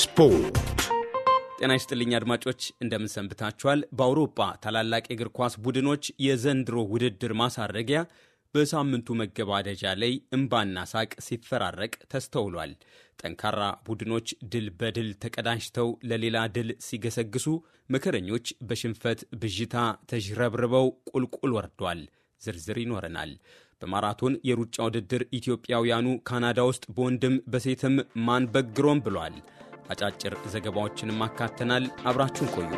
ስፖርት ጤና ይስጥልኝ አድማጮች፣ እንደምንሰንብታችኋል። በአውሮፓ ታላላቅ የእግር ኳስ ቡድኖች የዘንድሮ ውድድር ማሳረጊያ በሳምንቱ መገባደጃ ላይ እምባና ሳቅ ሲፈራረቅ ተስተውሏል። ጠንካራ ቡድኖች ድል በድል ተቀዳጅተው ለሌላ ድል ሲገሰግሱ፣ መከረኞች በሽንፈት ብዥታ ተዥረብርበው ቁልቁል ወርዷል። ዝርዝር ይኖረናል። በማራቶን የሩጫ ውድድር ኢትዮጵያውያኑ ካናዳ ውስጥ በወንድም በሴትም ማን በግሮም ብሏል። አጫጭር ዘገባዎችንም አካተናል። አብራችሁን ቆዩ።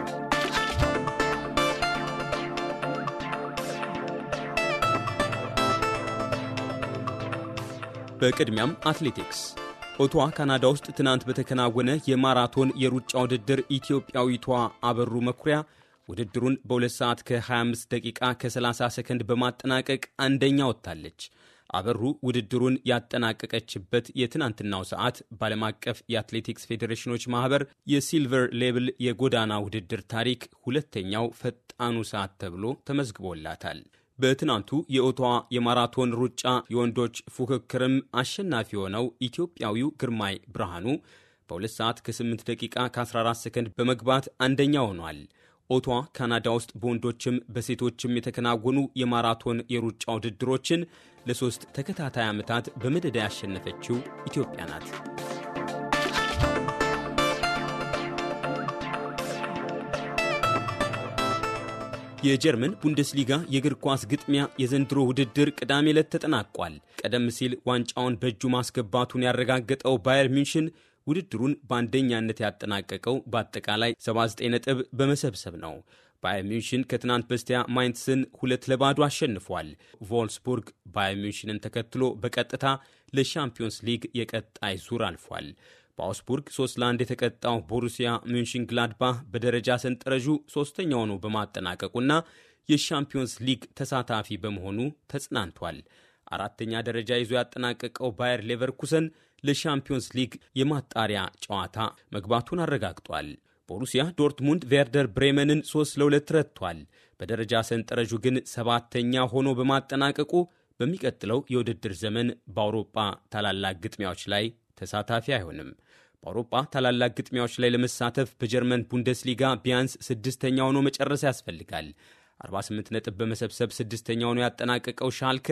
በቅድሚያም አትሌቲክስ ኦቶዋ ካናዳ ውስጥ ትናንት በተከናወነ የማራቶን የሩጫ ውድድር ኢትዮጵያዊቷ አበሩ መኩሪያ ውድድሩን በ2 ሰዓት ከ25 ደቂቃ ከ30 ሰከንድ በማጠናቀቅ አንደኛ ወጥታለች። አበሩ ውድድሩን ያጠናቀቀችበት የትናንትናው ሰዓት በዓለም አቀፍ የአትሌቲክስ ፌዴሬሽኖች ማህበር የሲልቨር ሌብል የጎዳና ውድድር ታሪክ ሁለተኛው ፈጣኑ ሰዓት ተብሎ ተመዝግቦላታል። በትናንቱ የኦቶዋ የማራቶን ሩጫ የወንዶች ፉክክርም አሸናፊ የሆነው ኢትዮጵያዊው ግርማይ ብርሃኑ በ2 ሰዓት ከ8 ደቂቃ ከ14 ሰከንድ በመግባት አንደኛ ሆኗል። ኦቷ ካናዳ ውስጥ በወንዶችም በሴቶችም የተከናወኑ የማራቶን የሩጫ ውድድሮችን ለሶስት ተከታታይ ዓመታት በመደዳ ያሸነፈችው ኢትዮጵያ ናት። የጀርመን ቡንደስሊጋ የእግር ኳስ ግጥሚያ የዘንድሮ ውድድር ቅዳሜ ዕለት ተጠናቋል። ቀደም ሲል ዋንጫውን በእጁ ማስገባቱን ያረጋገጠው ባየር ሚንሽን ውድድሩን በአንደኛነት ያጠናቀቀው በአጠቃላይ 79 ነጥብ በመሰብሰብ ነው። ባየር ሚንሽን ከትናንት በስቲያ ማይንስን ሁለት ለባዶ አሸንፏል። ቮልስቡርግ ባየር ሚንሽንን ተከትሎ በቀጥታ ለሻምፒዮንስ ሊግ የቀጣይ ዙር አልፏል። በአውስቡርግ 3 ለአንድ የተቀጣው ቦሩሲያ ሚንሽን ግላድባህ በደረጃ ሰንጠረዡ ሶስተኛ ሆኖ በማጠናቀቁና የሻምፒዮንስ ሊግ ተሳታፊ በመሆኑ ተጽናንቷል። አራተኛ ደረጃ ይዞ ያጠናቀቀው ባየር ሌቨርኩሰን ለሻምፒዮንስ ሊግ የማጣሪያ ጨዋታ መግባቱን አረጋግጧል። ቦሩሲያ ዶርትሙንድ ቬርደር ብሬመንን 3 ለ2 ረትቷል። በደረጃ ሰንጠረዡ ግን ሰባተኛ ሆኖ በማጠናቀቁ በሚቀጥለው የውድድር ዘመን በአውሮጳ ታላላቅ ግጥሚያዎች ላይ ተሳታፊ አይሆንም። በአውሮጳ ታላላቅ ግጥሚያዎች ላይ ለመሳተፍ በጀርመን ቡንደስሊጋ ቢያንስ ስድስተኛ ሆኖ መጨረስ ያስፈልጋል። 48 ነጥብ በመሰብሰብ ስድስተኛ ሆኖ ያጠናቀቀው ሻልከ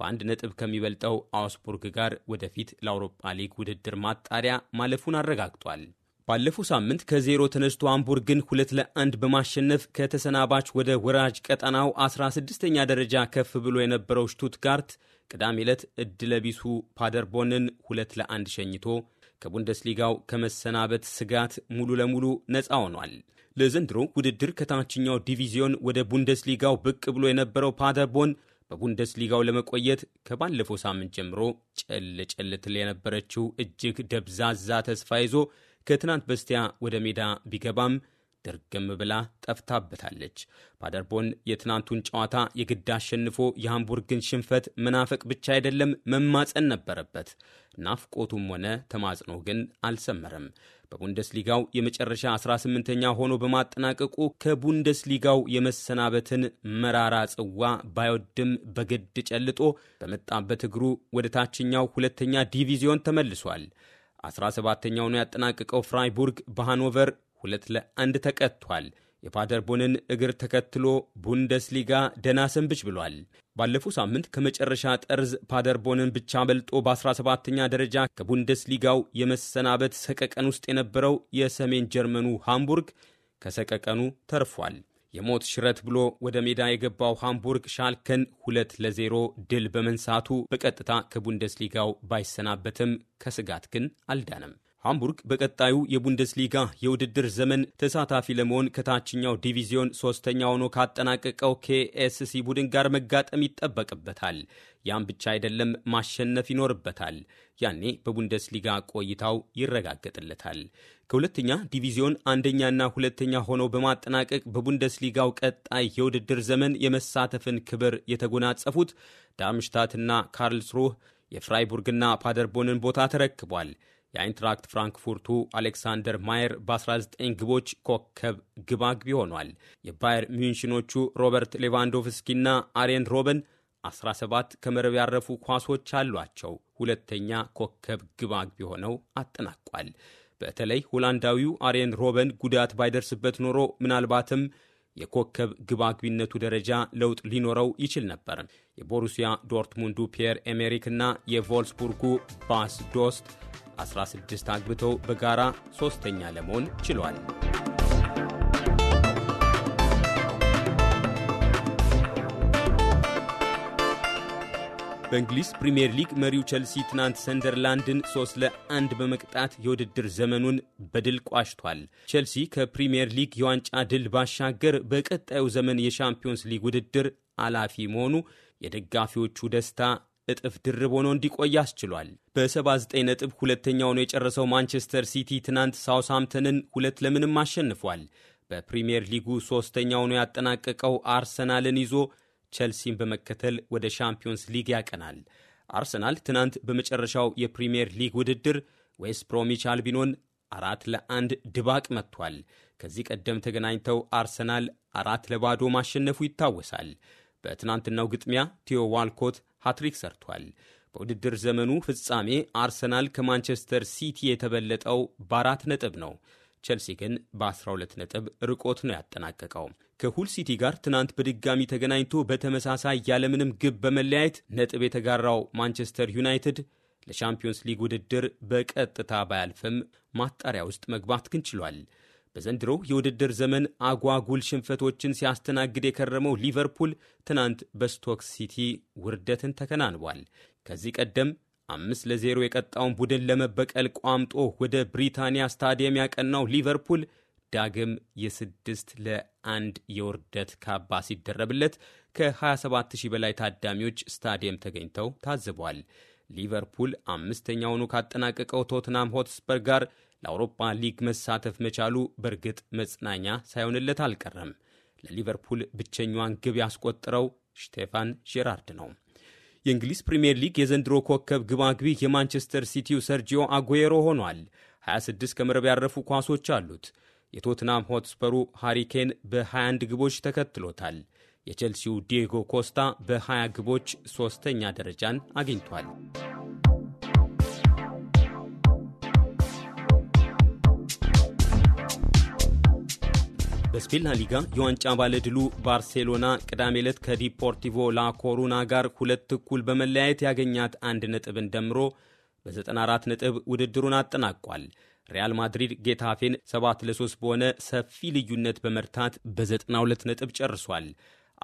በአንድ ነጥብ ከሚበልጠው አውስቡርግ ጋር ወደፊት ለአውሮፓ ሊግ ውድድር ማጣሪያ ማለፉን አረጋግጧል። ባለፈው ሳምንት ከዜሮ ተነስቶ አምቡርግን ሁለት ለአንድ በማሸነፍ ከተሰናባች ወደ ወራጅ ቀጠናው 16ኛ ደረጃ ከፍ ብሎ የነበረው ሽቱትጋርት ቅዳሜ ዕለት እድለቢሱ ፓደርቦንን ሁለት ለአንድ ሸኝቶ ከቡንደስሊጋው ከመሰናበት ስጋት ሙሉ ለሙሉ ነፃ ሆኗል። ለዘንድሮ ውድድር ከታችኛው ዲቪዚዮን ወደ ቡንደስሊጋው ብቅ ብሎ የነበረው ፓደርቦን በቡንደስሊጋው ለመቆየት ከባለፈው ሳምንት ጀምሮ ጨል ጨል ትል የነበረችው እጅግ ደብዛዛ ተስፋ ይዞ ከትናንት በስቲያ ወደ ሜዳ ቢገባም ድርግም ብላ ጠፍታበታለች። ፓደርቦን የትናንቱን ጨዋታ የግድ አሸንፎ የሃምቡርግን ሽንፈት መናፈቅ ብቻ አይደለም መማፀን ነበረበት። ናፍቆቱም ሆነ ተማጽኖ ግን አልሰመረም። በቡንደስሊጋው የመጨረሻ 18ኛ ሆኖ በማጠናቀቁ ከቡንደስሊጋው የመሰናበትን መራራ ጽዋ ባይወድም በግድ ጨልጦ በመጣበት እግሩ ወደ ታችኛው ሁለተኛ ዲቪዚዮን ተመልሷል። 17ኛውን ያጠናቀቀው ፍራይቡርግ በሃኖቨር ሁለት ለአንድ ተቀጥቷል። የፓደርቦንን እግር ተከትሎ ቡንደስሊጋ ደና ሰንብች ብሏል። ባለፈው ሳምንት ከመጨረሻ ጠርዝ ፓደርቦንን ብቻ በልጦ በ17ኛ ደረጃ ከቡንደስሊጋው የመሰናበት ሰቀቀን ውስጥ የነበረው የሰሜን ጀርመኑ ሃምቡርግ ከሰቀቀኑ ተርፏል። የሞት ሽረት ብሎ ወደ ሜዳ የገባው ሃምቡርግ ሻልከን ሁለት ለዜሮ ድል በመንሳቱ በቀጥታ ከቡንደስሊጋው ባይሰናበትም ከስጋት ግን አልዳነም። ሃምቡርግ በቀጣዩ የቡንደስሊጋ የውድድር ዘመን ተሳታፊ ለመሆን ከታችኛው ዲቪዚዮን ሶስተኛ ሆኖ ካጠናቀቀው ኬኤስሲ ቡድን ጋር መጋጠም ይጠበቅበታል። ያም ብቻ አይደለም፣ ማሸነፍ ይኖርበታል። ያኔ በቡንደስሊጋ ቆይታው ይረጋገጥለታል። ከሁለተኛ ዲቪዚዮን አንደኛና ሁለተኛ ሆኖ በማጠናቀቅ በቡንደስሊጋው ቀጣይ የውድድር ዘመን የመሳተፍን ክብር የተጎናጸፉት ዳምሽታትና ካርልስሩህ የፍራይቡርግና ፓደርቦንን ቦታ ተረክቧል። የአይንትራክት ፍራንክፉርቱ አሌክሳንደር ማየር በ19 ግቦች ኮከብ ግባግቢ ሆኗል። የባየር ሚንሽኖቹ ሮበርት ሌቫንዶቭስኪና አሬን ሮበን 17 ከመረብ ያረፉ ኳሶች አሏቸው። ሁለተኛ ኮከብ ግባግቢ ሆነው አጠናቋል። በተለይ ሆላንዳዊው አሬን ሮበን ጉዳት ባይደርስበት ኖሮ ምናልባትም የኮከብ ግባግቢነቱ ደረጃ ለውጥ ሊኖረው ይችል ነበር። የቦሩሲያ ዶርትሙንዱ ፒየር ኤሜሪክ እና የቮልስቡርጉ ባስ ዶስት 16 አግብተው በጋራ ሦስተኛ ለመሆን ችሏል። በእንግሊዝ ፕሪምየር ሊግ መሪው ቸልሲ ትናንት ሰንደርላንድን 3 ለአንድ በመቅጣት የውድድር ዘመኑን በድል ቋሽቷል። ቸልሲ ከፕሪምየር ሊግ የዋንጫ ድል ባሻገር በቀጣዩ ዘመን የሻምፒዮንስ ሊግ ውድድር አላፊ መሆኑ የደጋፊዎቹ ደስታ እጥፍ ድርብ ሆኖ እንዲቆይ አስችሏል። በ79 ነጥብ ሁለተኛ ሆኖ የጨረሰው ማንቸስተር ሲቲ ትናንት ሳውስሃምተንን ሁለት ለምንም አሸንፏል። በፕሪምየር ሊጉ ሦስተኛ ሆኖ ያጠናቀቀው አርሰናልን ይዞ ቸልሲን በመከተል ወደ ሻምፒዮንስ ሊግ ያቀናል። አርሰናል ትናንት በመጨረሻው የፕሪምየር ሊግ ውድድር ዌስት ፕሮሚች አልቢኖን አራት ለአንድ ድባቅ መጥቷል። ከዚህ ቀደም ተገናኝተው አርሰናል አራት ለባዶ ማሸነፉ ይታወሳል። በትናንትናው ግጥሚያ ቲዮ ዋልኮት ሃትሪክ ሰርቷል። በውድድር ዘመኑ ፍጻሜ አርሰናል ከማንቸስተር ሲቲ የተበለጠው በአራት ነጥብ ነው። ቸልሲ ግን በ12 ነጥብ ርቆት ነው ያጠናቀቀው። ከሁል ሲቲ ጋር ትናንት በድጋሚ ተገናኝቶ በተመሳሳይ ያለምንም ግብ በመለያየት ነጥብ የተጋራው ማንቸስተር ዩናይትድ ለሻምፒዮንስ ሊግ ውድድር በቀጥታ ባያልፍም ማጣሪያ ውስጥ መግባት ግን ችሏል። በዘንድሮ የውድድር ዘመን አጓጉል ሽንፈቶችን ሲያስተናግድ የከረመው ሊቨርፑል ትናንት በስቶክ ሲቲ ውርደትን ተከናንቧል። ከዚህ ቀደም አምስት ለዜሮ የቀጣውን ቡድን ለመበቀል ቋምጦ ወደ ብሪታንያ ስታዲየም ያቀናው ሊቨርፑል ዳግም የስድስት ለአንድ የውርደት ካባ ሲደረብለት ከ27 ሺህ በላይ ታዳሚዎች ስታዲየም ተገኝተው ታዝቧል። ሊቨርፑል አምስተኛውኑ ካጠናቀቀው ቶትናም ሆትስፐር ጋር ለአውሮፓ ሊግ መሳተፍ መቻሉ በእርግጥ መጽናኛ ሳይሆንለት አልቀረም። ለሊቨርፑል ብቸኛዋን ግብ ያስቆጠረው ሽቴፋን ጄራርድ ነው። የእንግሊዝ ፕሪምየር ሊግ የዘንድሮ ኮከብ ግባግቢ የማንቸስተር ሲቲው ሰርጂዮ አጉዌሮ ሆኗል። 26 ከመረብ ያረፉ ኳሶች አሉት። የቶትናም ሆትስፐሩ ሃሪኬን በ21 ግቦች ተከትሎታል። የቼልሲው ዲየጎ ኮስታ በ20 ግቦች ሦስተኛ ደረጃን አግኝቷል። በስፔን ላሊጋ የዋንጫ ባለድሉ ባርሴሎና ቅዳሜ ዕለት ከዲፖርቲቮ ላኮሩና ጋር ሁለት እኩል በመለያየት ያገኛት አንድ ነጥብን ደምሮ በ94 ነጥብ ውድድሩን አጠናቋል። ሪያል ማድሪድ ጌታፌን 7 ለ3 በሆነ ሰፊ ልዩነት በመርታት በ92 ነጥብ ጨርሷል።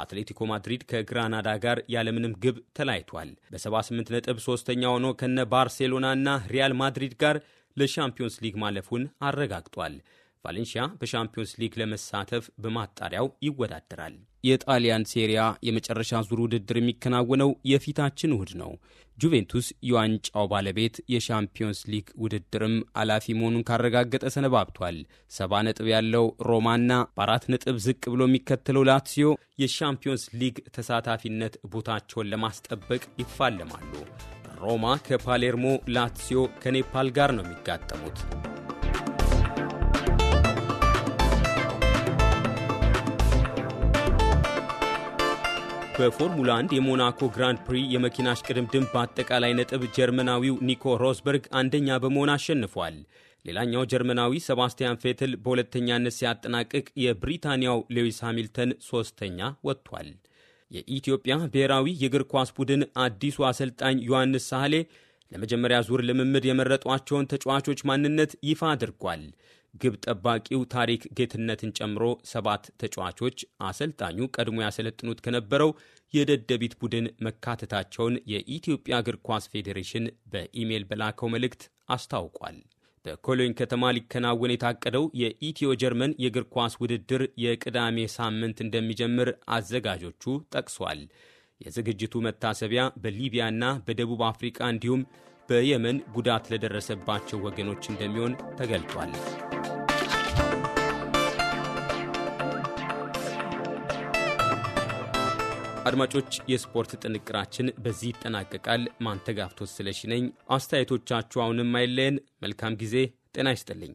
አትሌቲኮ ማድሪድ ከግራናዳ ጋር ያለምንም ግብ ተለያይቷል። በ78 ነጥብ ሶስተኛ ሆኖ ከነ ባርሴሎናና ሪያል ማድሪድ ጋር ለሻምፒዮንስ ሊግ ማለፉን አረጋግጧል። ቫሌንሺያ በሻምፒዮንስ ሊግ ለመሳተፍ በማጣሪያው ይወዳደራል። የጣሊያን ሴሪያ የመጨረሻ ዙር ውድድር የሚከናወነው የፊታችን እሁድ ነው። ጁቬንቱስ የዋንጫው ባለቤት የሻምፒዮንስ ሊግ ውድድርም አላፊ መሆኑን ካረጋገጠ ሰነባብቷል። ሰባ ነጥብ ያለው ሮማና በአራት ነጥብ ዝቅ ብሎ የሚከተለው ላትሲዮ የሻምፒዮንስ ሊግ ተሳታፊነት ቦታቸውን ለማስጠበቅ ይፋለማሉ። ሮማ ከፓሌርሞ ላትሲዮ ከኔፓል ጋር ነው የሚጋጠሙት። በፎርሙላ 1 የሞናኮ ግራንድ ፕሪ የመኪና እሽቅድምድም በአጠቃላይ ነጥብ ጀርመናዊው ኒኮ ሮዝበርግ አንደኛ በመሆን አሸንፏል። ሌላኛው ጀርመናዊ ሰባስቲያን ፌትል በሁለተኛነት ሲያጠናቅቅ የብሪታንያው ሌዊስ ሃሚልተን ሦስተኛ ወጥቷል። የኢትዮጵያ ብሔራዊ የእግር ኳስ ቡድን አዲሱ አሰልጣኝ ዮሐንስ ሳህሌ ለመጀመሪያ ዙር ልምምድ የመረጧቸውን ተጫዋቾች ማንነት ይፋ አድርጓል። ግብ ጠባቂው ታሪክ ጌትነትን ጨምሮ ሰባት ተጫዋቾች አሰልጣኙ ቀድሞ ያሰለጥኑት ከነበረው የደደቢት ቡድን መካተታቸውን የኢትዮጵያ እግር ኳስ ፌዴሬሽን በኢሜይል በላከው መልእክት አስታውቋል። በኮሎኝ ከተማ ሊከናወን የታቀደው የኢትዮ ጀርመን የእግር ኳስ ውድድር የቅዳሜ ሳምንት እንደሚጀምር አዘጋጆቹ ጠቅሷል። የዝግጅቱ መታሰቢያ በሊቢያና በደቡብ አፍሪቃ እንዲሁም በየመን ጉዳት ለደረሰባቸው ወገኖች እንደሚሆን ተገልጧል። አድማጮች፣ የስፖርት ጥንቅራችን በዚህ ይጠናቀቃል። ማንተጋፍቶት ስለሽነኝ። ነኝ። አስተያየቶቻችሁ አሁንም አይለየን። መልካም ጊዜ። ጤና ይስጥልኝ።